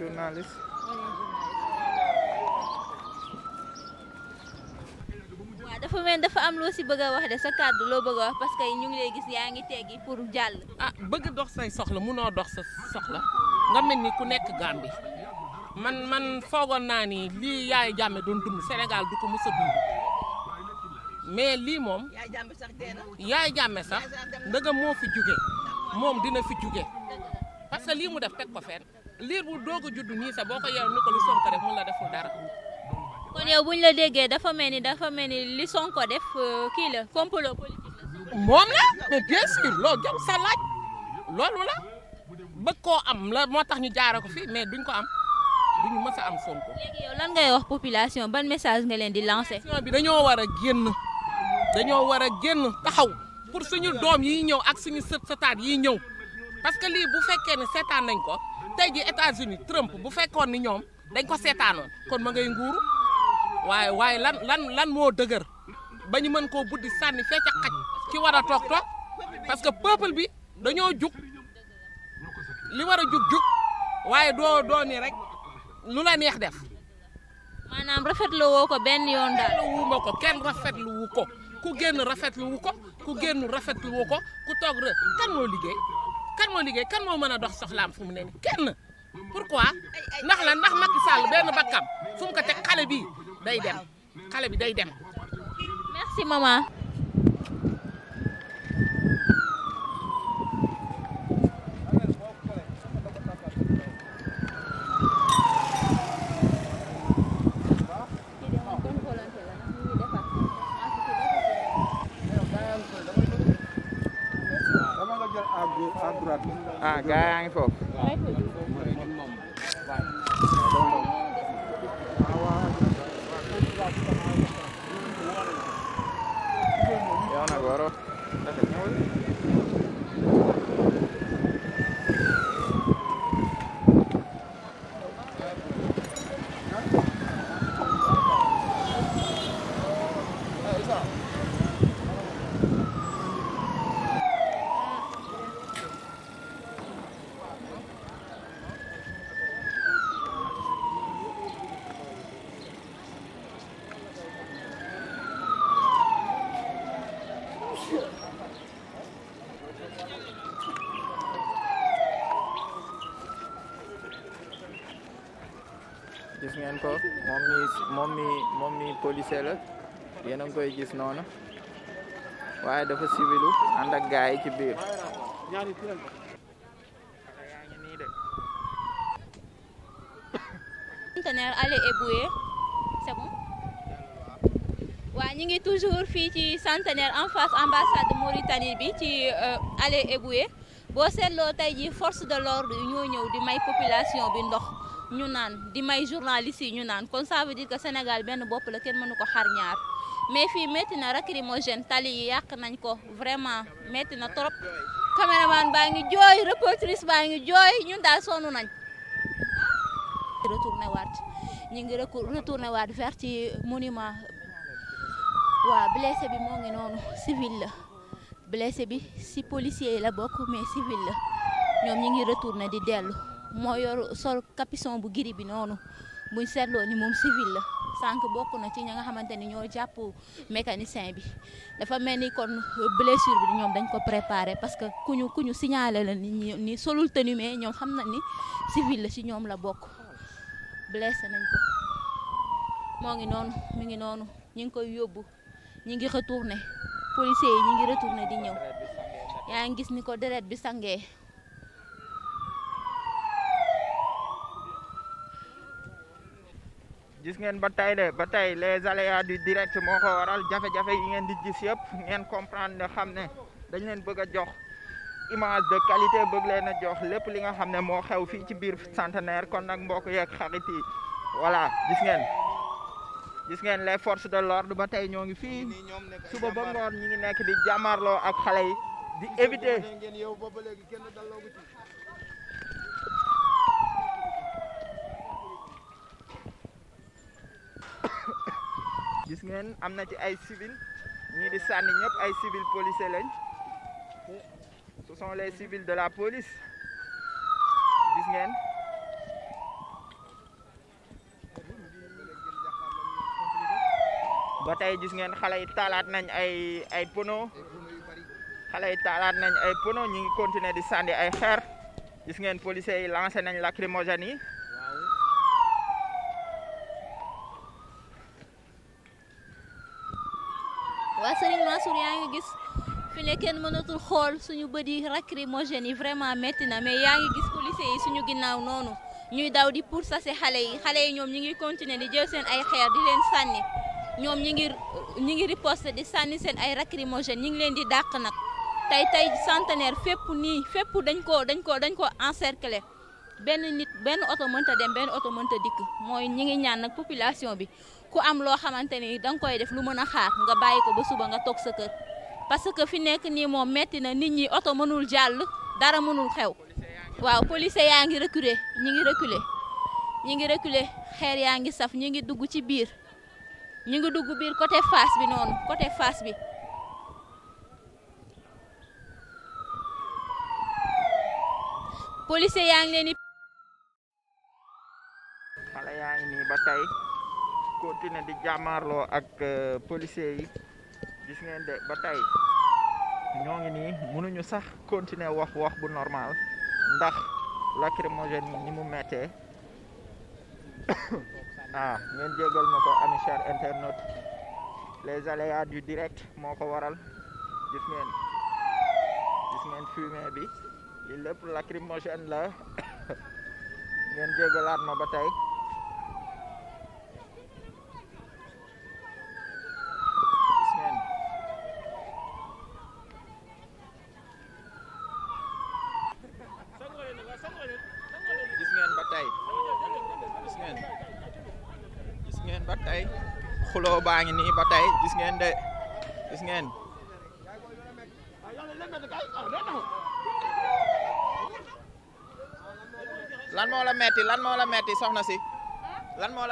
est dafa mel dafa am loo ci bëgg a wax de sa kàddu loo bëgg wax parce que ñu ngi lay gis yaa ngi teggi pour jàll. ah bëgg dox say soxla mënoo dox sa soxla nga mel ni ku nekk Gàmbi man man foogoon naa ni lii yaay jàmme doon dund Sénégal du ko mës a dund mais lii moom. yaay jàmme sax dee na. moo fi jóge moom dina fi jóge parce que lii mu def teg ko fenn. liir bu doog a juddu nii sax boo ko yeew ni ko lu Sonko def mun la deful dara. kon yow la déggee dafa mel ni dafa mel ni li Sonko def euh, kii la complot politique moom la mais bien sûr loo jëm sa laaj loolu la bëgg koo am la moo tax ñu jaara ko fi mais duñ ko am duñu mës a am Sonko. léegi lan ngay wax population ban message nga leen di lancer. bi dañoo war a génn dañoo war a génn taxaw pour suñu doom yi ñëw ak suñu sët sëtaat yi ñëw parce que liir bu fekkee ne seetaan nañ ko. tey ji États-Unis bu fekkoon ni ñoom dañ ko seetaanoon kon ma ngay nguuru waaye waaye lan lan lan moo dëgër ba ñu mën ko buddi sànni fecc a xaj ki war a toog toog parce que peuple bi dañoo jug li war a jug jug waaye doo doo rek lu la neex def. maanaam rafetlu woo ko benn yoon daal. rafetlu ko kenn rafetlu wu ko ku génn rafetlu wu ko ku génn rafetlu ko ku toog rek kan moo liggéey. kan moo liggéey kan moo mën a dox soxlaam fu mu ne nii kenn pourquoi ndax la ndax Macky Sall benn bakkam fu mu ko teg xale bi day dem xale bi day dem merci maman ah gars yaa ngi foofu. yow nag waroo ko moom mi moom mi moom mi policier la koy gis noonu waaye dafa civilu ànd ak gars yi ci biir conteneur allé ñu ngi toujours fii ci centenaire en face ambassade Mauritanie bi ci euh, allé éboué boo seetloo tey ji force de l'ordre yi ñoo ñëw di may population bi ndox ñu naan di may journaliste yi ñu naan kon ça veut dire que Sénégal benn bopp la kenn mënu ko xar ñaar mais fii métti na lacrymogène tali yi yàq nañ ko vraiment métti na trop. caméraman baa ngi jooy reportrice baa ngi jooy ñun daal sonn nañ retourné waat ñu ngi retourné waat vers ci monument waaw blessé bi moo ngi noonu civil la blessé bi si policier la bokk mais civil la ñoom ñu ngi retourné di dellu moo yor sol capuchon bu giri bi noonu buñ seetloo ni moom civil la sànq bokk na ci ña nga xamante ni ñoo jàpp mécanicien bi dafa mel ni kon blessure bi ñoom dañ ko préparé parce que ku ñu ku ñu signalé la ni ni solul tenue mais ñoom xam na ni civil la ci ñoom la bokk blessé nañ moo ngi noonu mi ngi noonu ñu ngi koy yóbbu ñu ngi retourné policiers yi ñu ngi retourné di ñëw yaa ngi gis ni ko deret bi sangee gis ngeen ba tey de ba tey les aléas du direct moo ko waral jafe-jafe yi ngeen di gis yëpp ngeen comprendre ne xam ne dañ leen bëgg a jox image de qualité bëgg leen a jox lépp li nga xam ne moo xew fii ci biir centenaire kon nag mbokk yeeg xarit yi voilà gis ngeen gis ngeen les forces de l'ordre ba tey ñoo ngi fii suba ba ngoon ñi ngi nekk di jàmmarloo ak xale yi di éviter gis ngeen am na ci ay civil ñii di sànni ñëpp ay civil policier lañ ce sont les civils de la police gis ngeen ba tey gis ngeen xale yi taalaat nañ ay ay pono xale yi taalaat nañ ay pono ñu ngi continuer di sandi ay xeer gis ngeen y yi lancé la lacrymogène yi te kenn mënatul xool suñu bët yi lacrymogène yi vraiment métti na mais yaa ngi gis policiers yi suñu ginnaaw noonu ñuy daw di pourchasser xale yi xale yi ñoom ñi ngi continuer di jël seen ay xeer di leen sànni ñoom ñi ngir ñi ngi riposte di sànni seen ay lacrymogène ñi ngi leen di dàq nag tey tey centenaire fépp nii fépp dañ koo dañ koo dañ koo encercler benn nit benn oto mënta dem benn oto mënta dikk mooy ñi ngi ñaan nag population bi ku am loo xamante ni danga koy def lu mën a xaar nga bàyyi ko ba suba nga toog sa kër parce que fi nekk nii moom metti na nit ñi oto mënul jàll dara mënul xew waaw policier yaa ngi reculer ñi ngi reculer ñi ngi reculer xeer yaa ngi saf ñi ngi dugg ci biir ñi ngi dugg biir côté bi noonu côté face bi policier yaa ngi leen di yaa ngi nii ba tey continuer di jàmmaarloo ak euh, policier yi gis ngeen de ba tey ñoo ngi nii mënuñu sax continuer wax wax bu normal ndax lacrymogène yi ni mu mettee ah ngeen jégal ma ko ami internet les aléas yu direct moo ko waral gis ngeen gis ngeen fumée bi li lépp lacrymogène la ngeen jégalaat ma ba tey xuloo baa ngi nii ba tey gis ngeen de gis ngeen lan moo metti lan moo la metti soxna si lan moo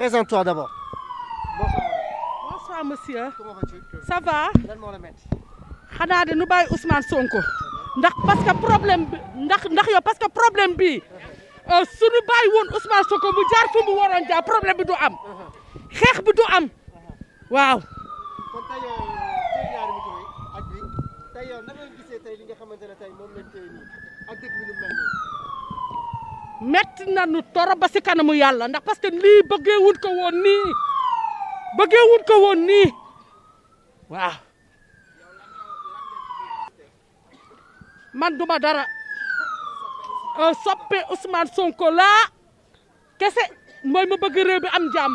Présente-toi d'abord. Bonsoir. Bonsoir monsieur. Comment vas-tu? Ça va? la de nu bàyyi Ousmane Sonko. ndax parce que problème bi ndax ndax yow parce problème bi euh, suñu bàyyi woon Ousmane Sonko mu jaar fu mu waroon jaar problème bi du am. xeex bi du am. waaw. metti na nu torop ba kanamu yàlla ndax parce que lii bëggee wun ko woon nii bëggee wun ko nii waaw man duma dara soppe Ousmane Sonko laa kese mooy ma bëgg réew bi am jàmm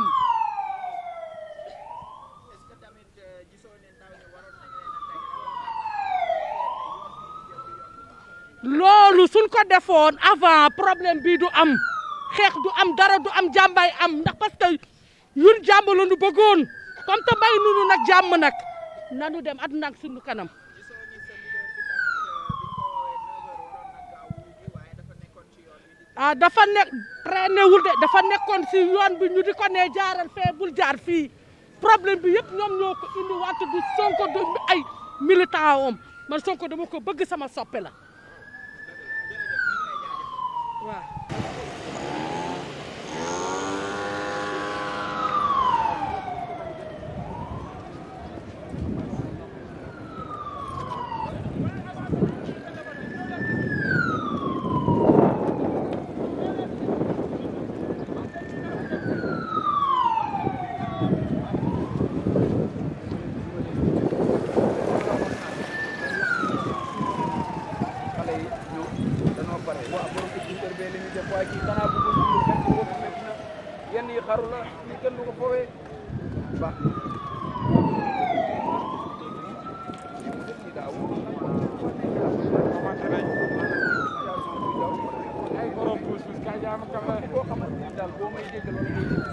loolu suñ ko defoon avant problème bii du am xeex du am dara du am jàmbaay am ndax parce que ñun jàmm la bëggoon comme te may nunu nag jàmm nag nanu dem at nag suñu kanam ah dafa nekk traîné wul de dafa nekkoon si yoon bi ñu di ko nee jaaral fee bul jaar fii problème bi yëpp ñoom ñoo ko indi wante du Sonko du ay militant man Sonko dama ko bëgg sama soppe la waaw lii xaru la lii kenn du ko foowee ba boo xamante ni daal boo may déggal wala ngay dégg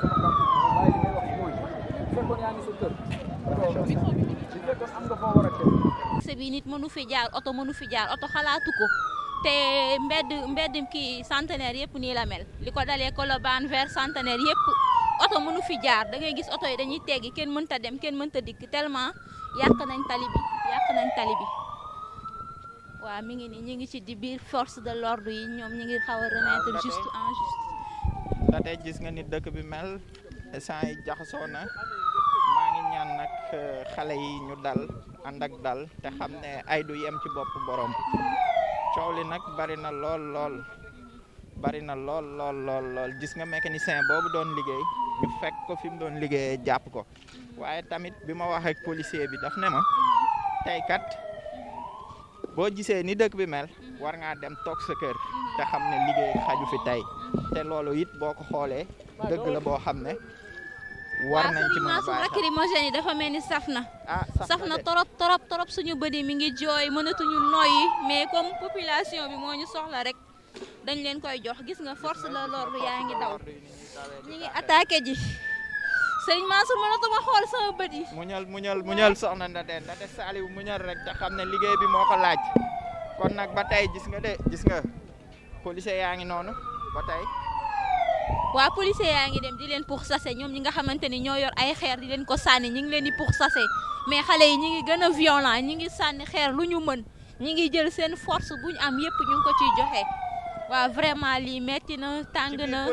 sama kàddu waaye li may wax mooy bu fekkoon yaa ngi sa kër bu fekkoon am nga foo war a dem. bi nit mënu fi jaar oto mënu fi jaar oto xalaatu ko te mbedd mbedd kii centenaire yëpp nii la mel li ko dalee Colobane vers centenaire yëpp oto mënu fi jaar dangay gis oto yi dañuy teggi kenn mënta dem kenn mënta dikk tellement yàq nañ tali bi yàq nañ tali bi waaw mi ngi nii ñu ngi ci di biir force de l'ordre yi ñoom ñu ngi xaw a remettre juste en juste ba gis nga ni dëkk bi mel sant yi jaxasoo na maa ngi ñaan nag eh, xale yi ñu dal ànd ak dal te xam ne ay du yem ci bopp boroom coow li nag bari na lool lool bari na lool lool lool gis nga mécanicien boobu doon liggéey ñu fekk ko fi mu doon liggéeyee jàpp ko waaye tamit bi ma wax ak policier bi daf ne ma tey kat boo gisee ni dëkk bi mel war ngaa dem toog sa kër te xam ne liggéey xaju fi tey te loolu it boo ko xoolee dëgg la boo xam ne war nañ ci mën a bàyyi lacrymogène yi dafa mel ni saf na ah, saf na torop torop torop suñu bët yi mi ngi jooy mënatuñu noyyi mais comme population bi moo ñu soxla rek dañ leen koy jox gis nga force la l'ordre yaa ngi daw ñu ngi attaqué ji sëriñ Mansour mënatuma xool sama bët yi muñal muñal muñal soxna Ndate Ndate Saliou muñal rek te xam ne liggéey bi moo ko laaj kon nag ba tey gis nga de gis nga policier yaa ngi noonu ba tey waa policier yaa ngi dem di leen pour sase ñoom ñi nga xamante ni ñoo yor ay xeer di leen ko sànni ñi ngi leen di pour sase mais xale yi ñi ngi gën a violent ñi ngi sànni xeer lu ñu mën ñi ngi jël seen force bu ñu am yëpp ñu ngi ko ciy joxe waaw vraiment lii metti na tàng na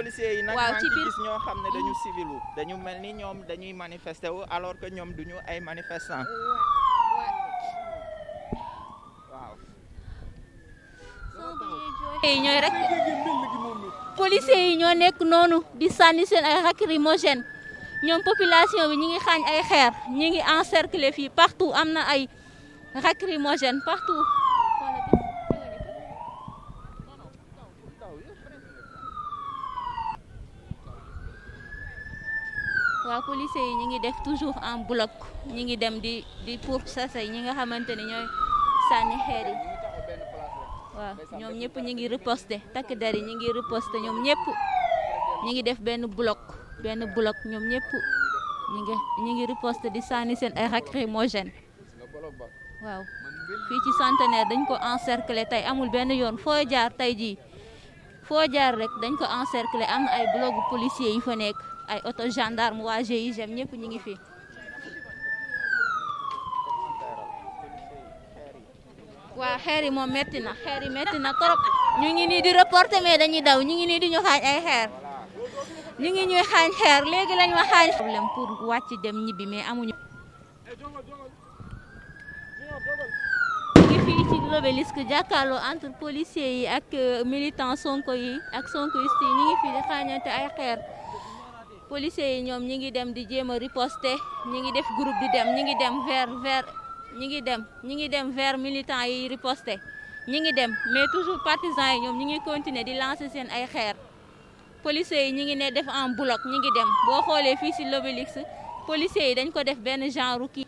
waaw ci biir gis ñoo xam ne dañu civilu dañu mel ni ñoom dañuy manifester wu alors que ñoom du ñu ay manifestant waaw ñooy rek policiers yi ñoo nekk noonu di sànni seen ay lacrymogène ñoom population bi ñu ngi xaañ ay xeer ñu ngi encercler fii partout am na ay lacrymogène partout waaw policiers yi ñu ngi def toujours en bloc ñu ngi dem di di pourchasser ñi nga xamante ni ñooy sànni xeer yi waaw ñoom ñëpp ñu ngi riposte takk der yi ñu ngi riposte ñoom ñëpp ñu ngi def benn block benn bloc ñoom ñëpp ñu ngi ñu ngi riposte di sànni seen ay lacrymogène waaw fii ci centenaire dañ ko encercler tey amul benn yoon foo jaar tey jii foo jaar rek dañ ko encercler am ay bloc policiers yi fa nekk ay auto gendarme waa GIGN ñëpp ñu ngi fi. waa xeer yi moom métti na xeer yi métti na trop ñu ngi nii di reporte mais dañuy daw ñu ngi nii di ñu xaañ ay xeer ñu ngi ñuy xaañ xeer léegi lañ ma xaañ problème pour wàcc dem ñibbi mais amuñu l'obélisque jàkkaarloo entre policiers yi ak euh, militant sonko yi ak sonkoiste yi ñu ngi fi di xaañante ay xeer policiers yi ñoom ñu ngi dem di jéem a riposter ñi ngi def groupe di dem ñi ngi dem vers vers ñi ngi dem ñi ngi dem vers militants yi riposté ñi ngi dem mais toujours partisans yi ñoom ñi ngi continuer di lancer seen ay xeer policiers yi ñi ngi ne def en bloc ñi ngi dem boo xoolee fii si l'Obélisque policiers yi dañ ko def benn genre kii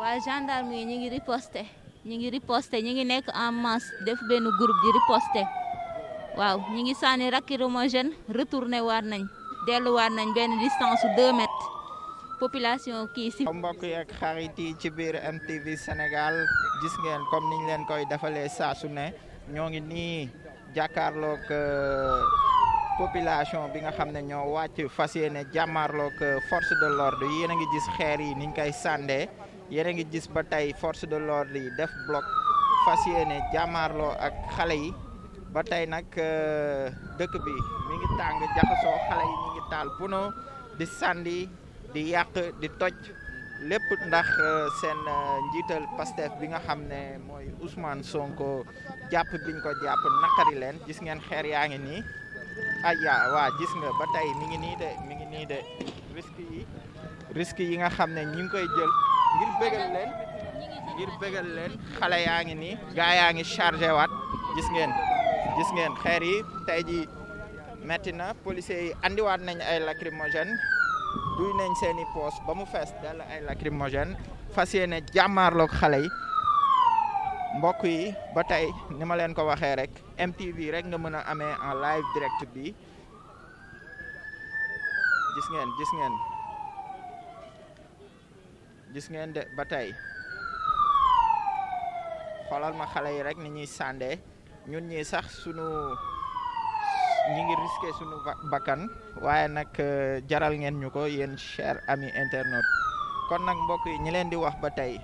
waa gendarme yi ñi ngi riposté ñi ngi riposté ñi ngi nekk en masse def benn groupe di riposté waaw ñi ngi sànni lacrymogène retourné waar nañ delluwaat nañ benn distance su 2 mètres population kii si. yi ak xarit yi ci biir MTV Sénégal gis ngeen comme niñ leen koy defalee saa su ne ñoo ngi nii jàkkaarloog euh, population bi nga xam ne ñoo wàcc fas yéene jàmmaarloog euh, force de l'ordre yéen a ngi gis xeer yi niñ koy sàndee yéen a ngi gis ba tey force de l'ordre yi def bloc fas yéene jàmmaarloo ak xale yi ba tey nag euh, dëkk bi mu ngi tàng jaxasoo xale yi. taal pono di sandi di yàq di toj lépp ndax euh, seen euh, njiital Pastef bi nga xam ne mooy Ousmane Sonko jàpp biñ ko jàpp naqari leen gis ngeen xeer yaa ngi nii aywa ah, waa gis nga ba tey mi ngi nii de mi ngi nii de risque yi nga xam ne ñu ngi koy jël ngir bégal leen ngir bégal leen xale yaa ngi nii gaa yaa ngi chargé waat gis ngeen gis ngeen xeer yi tey ji metti na policiers yi indiwaat nañ ay lacrymogène duy nañ seeni i ba mu fees dell ay lacrymogène fas yéene jàmmaarloog xale yi mbokk yi ba tey ni ma leen ko waxee rek MTV rek nga mën a amee en live direct bi gis ngeen gis ngeen gis ngeen de ba tey xoolal ma xale yi rek ni ñuy sànde ñun ñi sax sunu ñi ngi risqué suñu bakkan waaye nag euh, jaral ngeen ñu ko yéen cher ami internet kon nag mbokk yi ñi leen di wax ba tey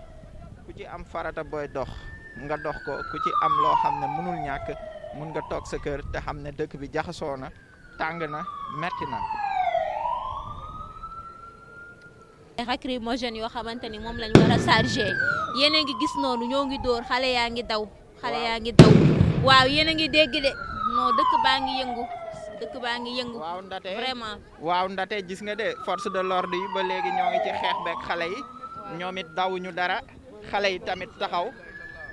ku ci am farata booy dox nga dox ko ku ci am loo xam ne mënul ñàkk mun nga toog sa kër te xam ne dëkk bi jaxasoo na tàng na metti na lacrymogène yoo xamante ni moom lañ war a chargé ngi gis noonu ñoo ngi dóor xale yaa ngi daw xale yaa ngi daw waaw yéen ngi dégg de non dëkk baa ngi yëngu dëkk baa ngi yëngu. waaw ndate vraiment. waaw ndate gis nga de force de l'ordre yi ba léegi ñoo ngi ci xeex beeg xale yi. ñoom it ñu dara xale yi tamit taxaw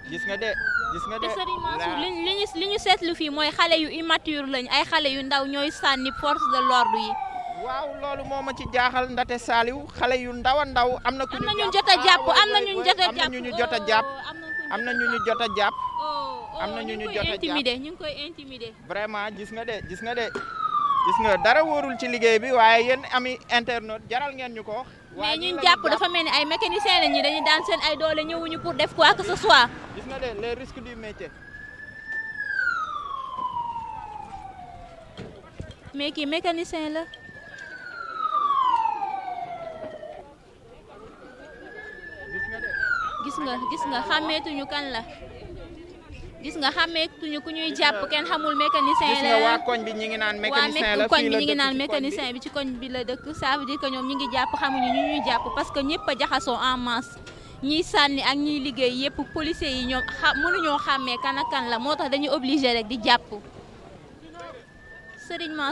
gis nga de. gis nga de sëriñ li ñu seetlu fii mooy xale yu immature lañ ay xale yu ndaw ñooy sànni force de l'ordre yi. waaw loolu moo ma ci jaaxal ndate saaliw xale yu ndaw a ndaw am na. ku ñu jot a jàpp oh, am na ñu jot a jàpp am na ñu jot a jàpp am na ñu jot a jàpp. am na ñu ñu jot a jàpp ñu ngi koy intimider vraiment gis nga de gis nga de gis nga dara wóorul ci liggéey bi waaye yéen ami internaute jaral ngeen ñu ko. waaye ñun dafa mel ni ay mécanicien la ñi dañuy daan seen ay doole ñëwuñu pour def quoi que ce soit. gis nga de les risques du métier. mais kii mécanicien la. gis nga gis nga xàmmeetuñu kan la. gis nga xàmmeetuñu ku ñuy jàpp kenn xamul mécanicien la waa koñ bi ñi ngi naan mécanicien la koñ bi bi ci koñ bi la dëkk ça veut ñoom ñi ngi jàpp xamuñu ñu ñuy jàpp parce que ñëpp a jaxasoo en masse ñiy sànni ak ñiy liggéey yëpp policiers yi ñoom xa mënuñoo xàmmee kan ak kan la moo tax dañu obligé rek di jàpp Serigne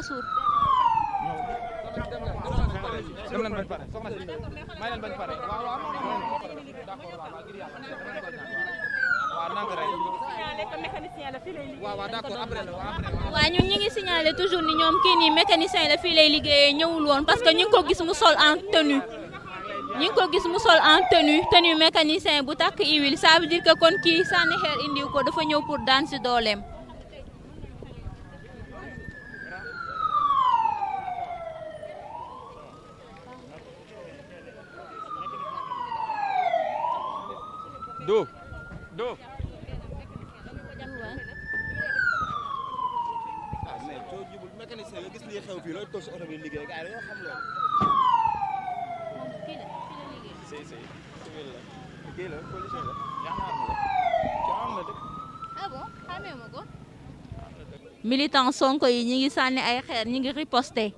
waaw ñun ñu ngi signalé toujours ni ñoom kii nii mécanicien la fii lay liggéeyee ñëwul woon parce que ñu ngi ko gis mu sol en ñu ngi ko gis mu sol en tenue tenue mécanicien bu takk iwil ça veut dire que kon kii sànni xeer indiw ko dafa ñëw pour daan si dooleem. na gis lii xew fii bi yi dañoo ngi ah ah, militant Sonko yi ñi ngi sànni ay xeer ñi ngi riposté.